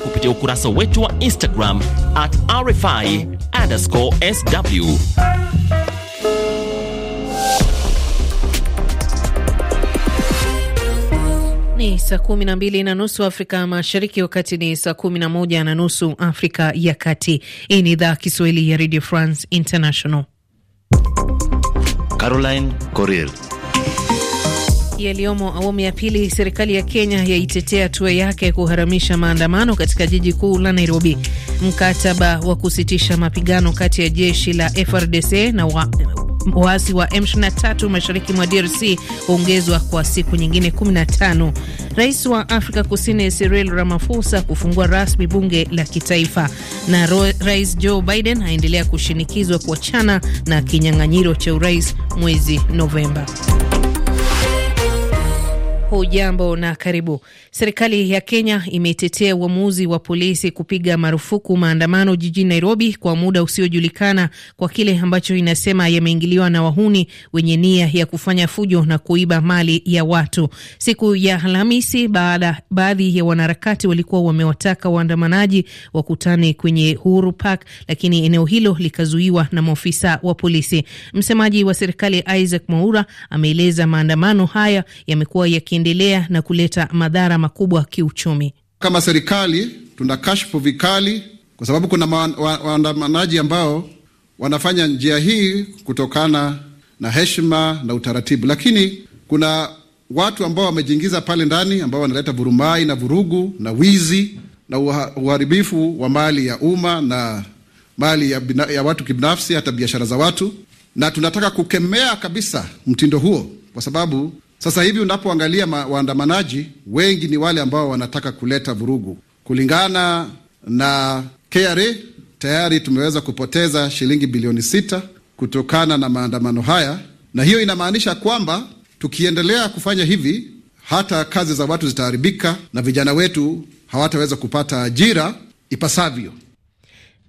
kupitia ukurasa wetu wa Instagram at RFI underscore sw. Ni saa kumi na mbili na nusu Afrika Mashariki, wakati ni saa kumi na moja na nusu Afrika ya Kati. Hii ni idhaa Kiswahili ya Radio France International. Caroline Corel yaliyomo awamu ya pili. Serikali ya Kenya yaitetea hatua yake kuharamisha maandamano katika jiji kuu la Nairobi. Mkataba wa kusitisha mapigano kati ya jeshi la FRDC na wa waasi wa M23 mashariki mwa DRC huongezwa kwa siku nyingine 15. Rais wa Afrika Kusini Cyril Ramaphosa kufungua rasmi bunge la kitaifa, na Rais Joe Biden aendelea kushinikizwa kuachana na kinyang'anyiro cha urais mwezi Novemba. Hujambo na karibu. Serikali ya Kenya imetetea uamuzi wa polisi kupiga marufuku maandamano jijini Nairobi kwa muda usiojulikana kwa kile ambacho inasema yameingiliwa na wahuni wenye nia ya kufanya fujo na kuiba mali ya watu. Siku ya Alhamisi, baadhi ya wanaharakati walikuwa wamewataka waandamanaji wakutane kwenye Uhuru Park, lakini eneo hilo likazuiwa na maofisa wa polisi. Msemaji wa serikali Isaac Mwaura ameeleza maandamano haya yamekuwa yaki yakiendelea na kuleta madhara makubwa kiuchumi. Kama serikali tuna kashfu vikali, kwa sababu kuna waandamanaji wa, wa ambao wanafanya njia hii kutokana na heshima na utaratibu, lakini kuna watu ambao wamejiingiza pale ndani ambao wanaleta vurumai na vurugu na wizi na uharibifu wa mali ya umma na mali ya, bina, ya watu kibinafsi hata biashara za watu, na tunataka kukemea kabisa mtindo huo, kwa sababu sasa hivi unapoangalia waandamanaji wengi ni wale ambao wanataka kuleta vurugu. Kulingana na KRA, tayari tumeweza kupoteza shilingi bilioni sita kutokana na maandamano haya, na hiyo inamaanisha kwamba tukiendelea kufanya hivi, hata kazi za watu zitaharibika na vijana wetu hawataweza kupata ajira ipasavyo.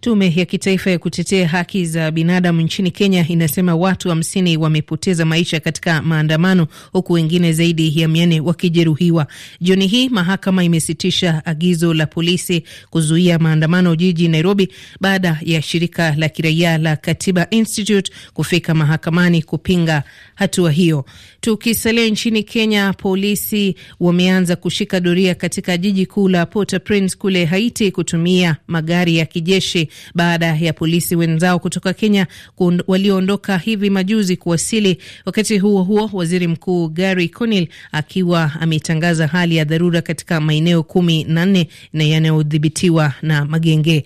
Tume ya Kitaifa ya Kutetea Haki za Binadamu nchini Kenya inasema watu hamsini wa wamepoteza maisha katika maandamano huku wengine zaidi ya mia nne wakijeruhiwa. Jioni hii mahakama imesitisha agizo la polisi kuzuia maandamano jiji Nairobi baada ya shirika la kiraia la Katiba Institute kufika mahakamani kupinga hatua hiyo. Tukisalia nchini Kenya, polisi wameanza kushika doria katika jiji kuu la Port-au-Prince kule Haiti kutumia magari ya kijeshi baada ya polisi wenzao kutoka Kenya walioondoka hivi majuzi kuwasili. Wakati huo huo, waziri mkuu Gary Conil akiwa ametangaza hali ya dharura katika maeneo kumi na nne na yanayodhibitiwa na magenge.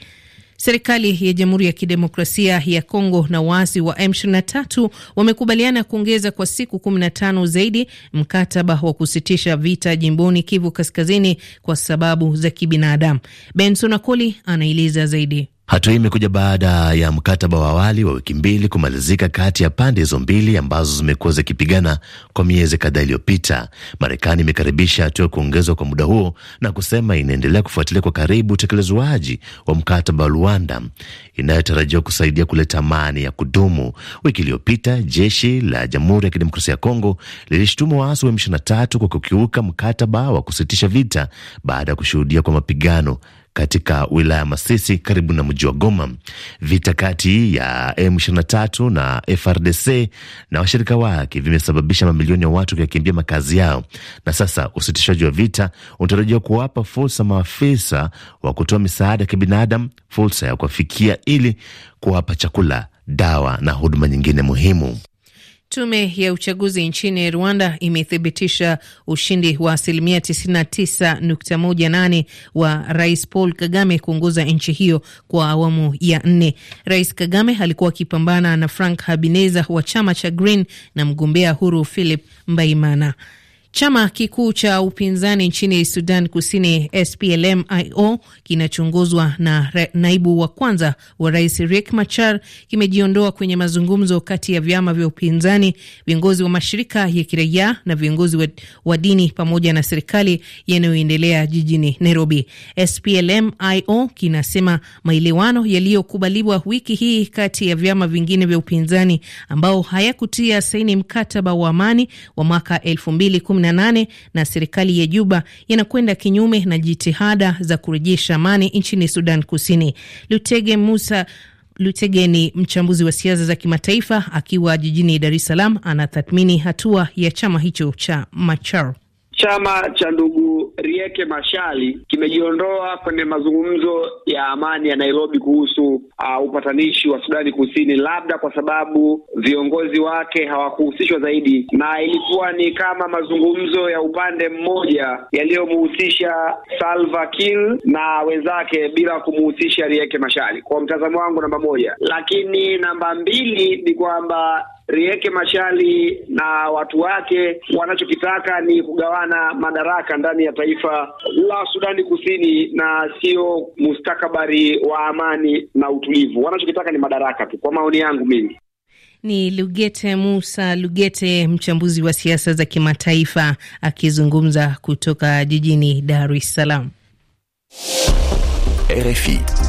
Serikali ya Jamhuri ya Kidemokrasia ya Kongo na waasi wa M23 wamekubaliana kuongeza kwa siku 15 zaidi mkataba wa kusitisha vita jimboni Kivu Kaskazini kwa sababu za kibinadamu. Benson Akoli anaeleza zaidi. Hatua hii imekuja baada ya mkataba wa awali wa wiki mbili kumalizika kati ya pande hizo mbili ambazo zimekuwa zikipigana kwa miezi kadhaa iliyopita. Marekani imekaribisha hatua ya kuongezwa kwa muda huo na kusema inaendelea kufuatilia kwa karibu utekelezwaji wa mkataba wa Luanda inayotarajiwa kusaidia kuleta amani ya kudumu. Wiki iliyopita jeshi la Jamhuri ya Kidemokrasia ya Kongo lilishutumu waasi wa M23 kwa kukiuka mkataba wa kusitisha vita baada ya kushuhudia kwa mapigano katika wilaya ya Masisi karibu na mji wa Goma. Vita kati ya M23 na FRDC na washirika wake vimesababisha mamilioni ya watu kuyakimbia makazi yao, na sasa usitishaji wa vita unatarajiwa kuwapa fursa maafisa wa kutoa misaada ya kibinadamu fursa ya kuwafikia ili kuwapa chakula, dawa na huduma nyingine muhimu. Tume ya uchaguzi nchini Rwanda imethibitisha ushindi wa asilimia 99.18 wa Rais Paul Kagame kuongoza nchi hiyo kwa awamu ya nne. Rais Kagame alikuwa akipambana na Frank Habineza wa chama cha Green na mgombea huru Philip Mbaimana. Chama kikuu cha upinzani nchini Sudan Kusini, splmio kinachoongozwa na naibu wa kwanza wa rais Riek Machar kimejiondoa kwenye mazungumzo kati ya vyama vya upinzani, viongozi wa mashirika ya kiraia na viongozi wa, wa dini pamoja na serikali yanayoendelea jijini Nairobi. splmio kinasema maelewano yaliyokubaliwa wiki hii kati ya vyama vingine vya upinzani ambao hayakutia saini mkataba wa amani wa mwaka elfu mbili kumi 18 na serikali ya Juba yanakwenda kinyume na jitihada za kurejesha amani nchini Sudan Kusini. Lutege Musa Lutege ni mchambuzi wa siasa za kimataifa akiwa jijini Dar es Salaam, anatathmini hatua ya chama hicho cha Machar. Chama cha ndugu Rieke Mashali kimejiondoa kwenye mazungumzo ya amani ya Nairobi kuhusu uh, upatanishi wa Sudani Kusini, labda kwa sababu viongozi wake hawakuhusishwa zaidi, na ilikuwa ni kama mazungumzo ya upande mmoja yaliyomhusisha Salva Kiir na wenzake bila kumhusisha Rieke Mashali, kwa mtazamo wangu namba moja. Lakini namba mbili ni kwamba Rieke mashali na watu wake wanachokitaka ni kugawana madaraka ndani ya taifa la Sudani Kusini, na sio mustakabali wa amani na utulivu. Wanachokitaka ni madaraka tu, kwa maoni yangu mimi. Ni Lugete Musa Lugete, mchambuzi wa siasa za kimataifa, akizungumza kutoka jijini Dar es Salaam. RFI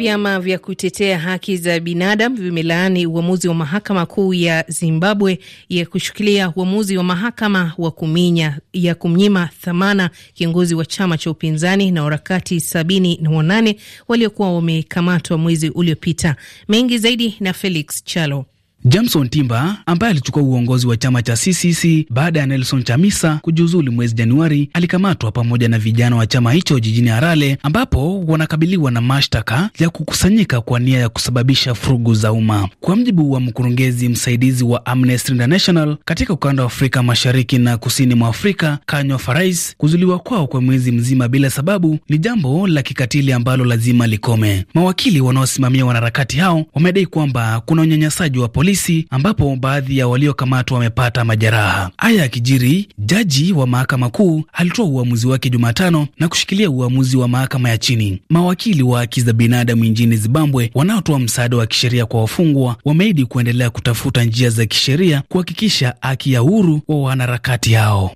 Vyama vya kutetea haki za binadamu vimelaani uamuzi wa mahakama kuu ya Zimbabwe ya kushikilia uamuzi wa mahakama wa kuminya ya kumnyima thamana kiongozi wa chama cha upinzani na harakati sabini na wanane waliokuwa wamekamatwa mwezi uliopita. Mengi zaidi na Felix Chalo. Jamson Timba ambaye alichukua uongozi wa chama cha CCC baada ya Nelson Chamisa kujiuzulu mwezi Januari alikamatwa pamoja na vijana wa chama hicho jijini Harare ambapo wanakabiliwa na mashtaka ya kukusanyika kwa nia ya kusababisha furugu za umma. Kwa mjibu wa mkurugenzi msaidizi wa Amnesty International katika ukanda wa Afrika Mashariki na Kusini mwa Afrika, Kanyo Farais, kuzuliwa kwao kwa mwezi mzima bila sababu ni jambo la kikatili ambalo lazima likome. Mawakili wanaosimamia wanaharakati hao wamedai kwamba kuna unyanyasaji wa polisi polisi, ambapo baadhi ya waliokamatwa wamepata majeraha. Haya yakijiri, jaji wa mahakama kuu alitoa uamuzi wake Jumatano na kushikilia uamuzi wa mahakama ya chini. Mawakili wa haki za binadamu nchini Zimbabwe wanaotoa msaada wa kisheria kwa wafungwa wameahidi kuendelea kutafuta njia za kisheria kuhakikisha haki ya uhuru wa wanaharakati hao.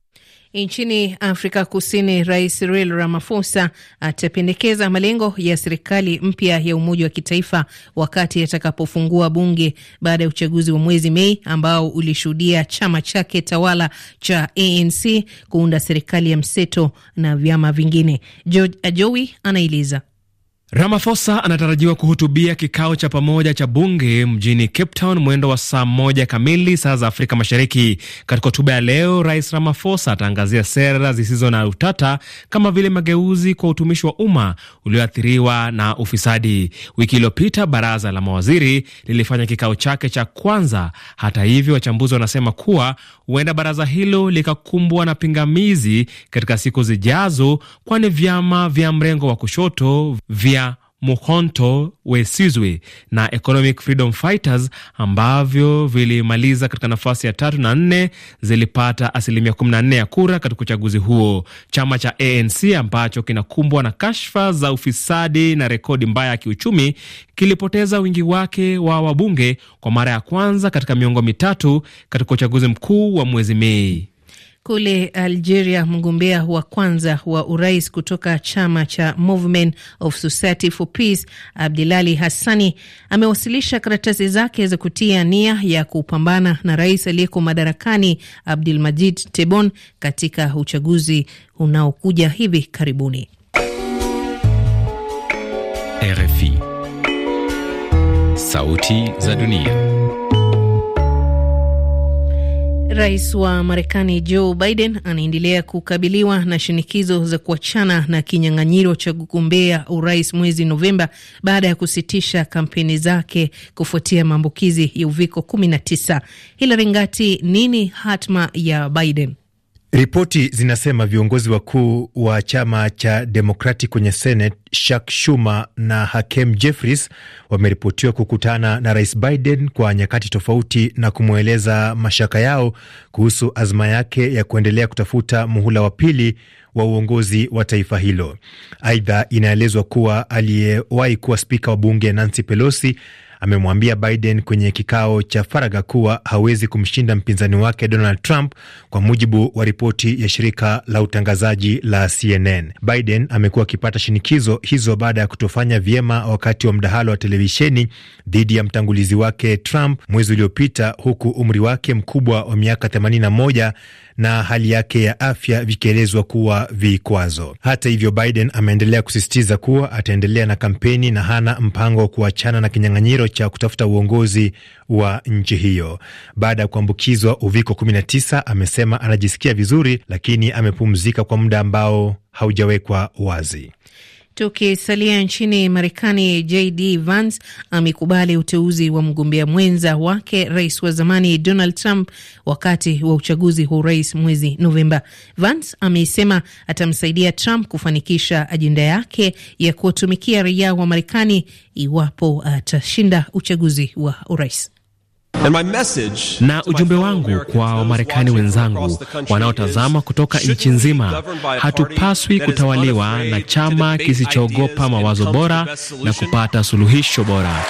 Nchini Afrika Kusini, Rais Cyril Ramaphosa atapendekeza malengo ya serikali mpya ya umoja wa kitaifa wakati atakapofungua bunge baada ya uchaguzi wa mwezi Mei ambao ulishuhudia chama chake tawala cha ANC kuunda serikali ya mseto na vyama vingine. George Ajowi anaeleza. Ramafosa anatarajiwa kuhutubia kikao cha pamoja cha bunge mjini Cape Town mwendo wa saa moja kamili saa za Afrika Mashariki. Katika hotuba ya leo, Rais ramafosa ataangazia sera zisizo na utata kama vile mageuzi kwa utumishi wa umma ulioathiriwa na ufisadi. Wiki iliyopita baraza la mawaziri lilifanya kikao chake cha kwanza. Hata hivyo, wachambuzi wanasema kuwa huenda baraza hilo likakumbwa na pingamizi katika siku zijazo, kwani vyama vya mrengo wa kushoto vya Mukhonto Wesizwe na Economic Freedom Fighters ambavyo vilimaliza katika nafasi ya tatu na nne zilipata asilimia 14 ya kura katika uchaguzi huo. Chama cha ANC ambacho kinakumbwa na kashfa za ufisadi na rekodi mbaya ya kiuchumi kilipoteza wingi wake wa wabunge kwa mara ya kwanza katika miongo mitatu katika uchaguzi mkuu wa mwezi Mei. Kule Algeria, mgombea wa kwanza wa urais kutoka chama cha Movement of Society for Peace Abdilali Hassani amewasilisha karatasi zake za kutia nia ya kupambana na rais aliyeko madarakani abdul majid tebon katika uchaguzi unaokuja hivi karibuni. RFI, sauti za dunia. Rais wa Marekani Joe Biden anaendelea kukabiliwa na shinikizo za kuachana na kinyang'anyiro cha kugombea urais mwezi Novemba baada ya kusitisha kampeni zake kufuatia maambukizi ya uviko 19. Hilari Ngati, nini hatma ya Biden? Ripoti zinasema viongozi wakuu wa chama cha Demokrati kwenye Senate, Chuck Schumer na Hakeem Jeffries wameripotiwa kukutana na Rais Biden kwa nyakati tofauti na kumweleza mashaka yao kuhusu azma yake ya kuendelea kutafuta muhula wa pili wa uongozi wa taifa hilo. Aidha, inaelezwa kuwa aliyewahi kuwa spika wa bunge Nancy Pelosi amemwambia Biden kwenye kikao cha faraga kuwa hawezi kumshinda mpinzani wake Donald Trump, kwa mujibu wa ripoti ya shirika la utangazaji la CNN. Biden amekuwa akipata shinikizo hizo baada ya kutofanya vyema wakati wa mdahalo wa televisheni dhidi ya mtangulizi wake Trump mwezi uliopita, huku umri wake mkubwa wa miaka 81 na hali yake ya afya vikielezwa kuwa vikwazo. Hata hivyo, Biden ameendelea kusisitiza kuwa ataendelea na kampeni na hana mpango wa kuachana na kinyang'anyiro cha kutafuta uongozi wa nchi hiyo. Baada ya kuambukizwa uviko 19, amesema anajisikia vizuri, lakini amepumzika kwa muda ambao haujawekwa wazi. Tukisalia nchini Marekani, JD Vance amekubali uteuzi wa mgombea mwenza wake rais wa zamani Donald Trump wakati wa uchaguzi wa urais mwezi Novemba. Vance amesema atamsaidia Trump kufanikisha ajenda yake ya kuwatumikia raia wa Marekani iwapo atashinda uchaguzi wa urais. Na ujumbe wangu kwa Wamarekani wenzangu wanaotazama kutoka nchi nzima, hatupaswi kutawaliwa na chama kisichoogopa mawazo bora na kupata suluhisho bora.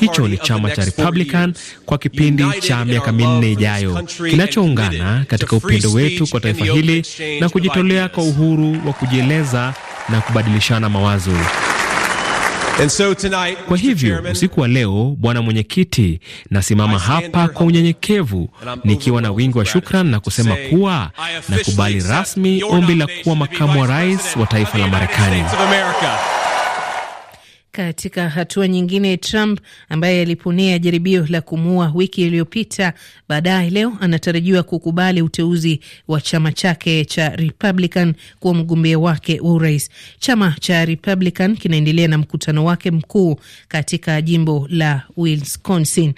Hicho ni chama cha Republican kwa kipindi cha miaka minne ijayo, kinachoungana katika upendo wetu kwa taifa hili na kujitolea kwa uhuru wa kujieleza na kubadilishana mawazo. So tonight, kwa hivyo usiku wa leo, bwana mwenyekiti, nasimama hapa kwa unyenyekevu nikiwa na wingi wa shukran na kusema kuwa nakubali rasmi ombi la kuwa makamu wa rais wa taifa la Marekani. Katika hatua nyingine, Trump ambaye aliponea jaribio la kumuua wiki iliyopita, baadaye leo anatarajiwa kukubali uteuzi wa chama chake cha Republican kuwa mgombea wake wa urais. Chama cha Republican kinaendelea na mkutano wake mkuu katika jimbo la Wisconsin.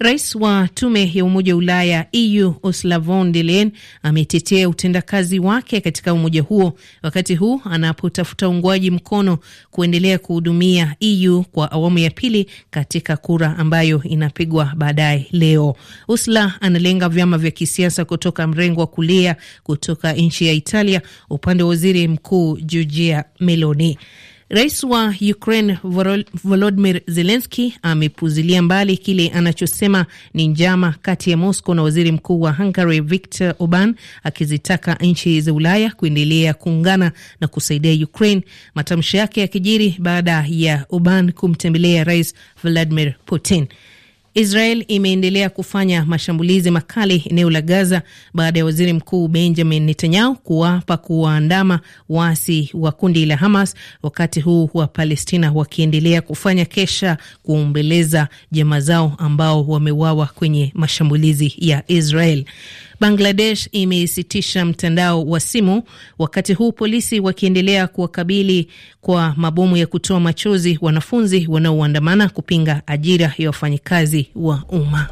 Rais wa tume ya Umoja wa Ulaya EU Ursula von der Leyen ametetea utendakazi wake katika umoja huo wakati huu anapotafuta uungwaji mkono kuendelea kuhudumia EU kwa awamu ya pili katika kura ambayo inapigwa baadaye leo. Ursula analenga vyama vya kisiasa kutoka mrengo wa kulia kutoka nchi ya Italia upande wa waziri mkuu Giorgia Meloni. Rais wa Ukraine Volodymyr Zelensky amepuzilia mbali kile anachosema ni njama kati ya Moscow na waziri mkuu wa Hungary Viktor Orban, akizitaka nchi za Ulaya kuendelea kuungana na kusaidia Ukraine. Matamshi yake yakijiri baada ya Orban kumtembelea Rais Vladimir Putin. Israel imeendelea kufanya mashambulizi makali eneo la Gaza baada ya waziri mkuu Benjamin Netanyahu kuwapa kuwaandama waasi wa kundi la Hamas, wakati huu wa Palestina wakiendelea kufanya kesha kuombeleza jamaa zao ambao wamewawa kwenye mashambulizi ya Israel. Bangladesh imeisitisha mtandao wa simu, wakati huu polisi wakiendelea kuwakabili kwa mabomu ya kutoa machozi wanafunzi wanaoandamana kupinga ajira ya wafanyikazi wa umma.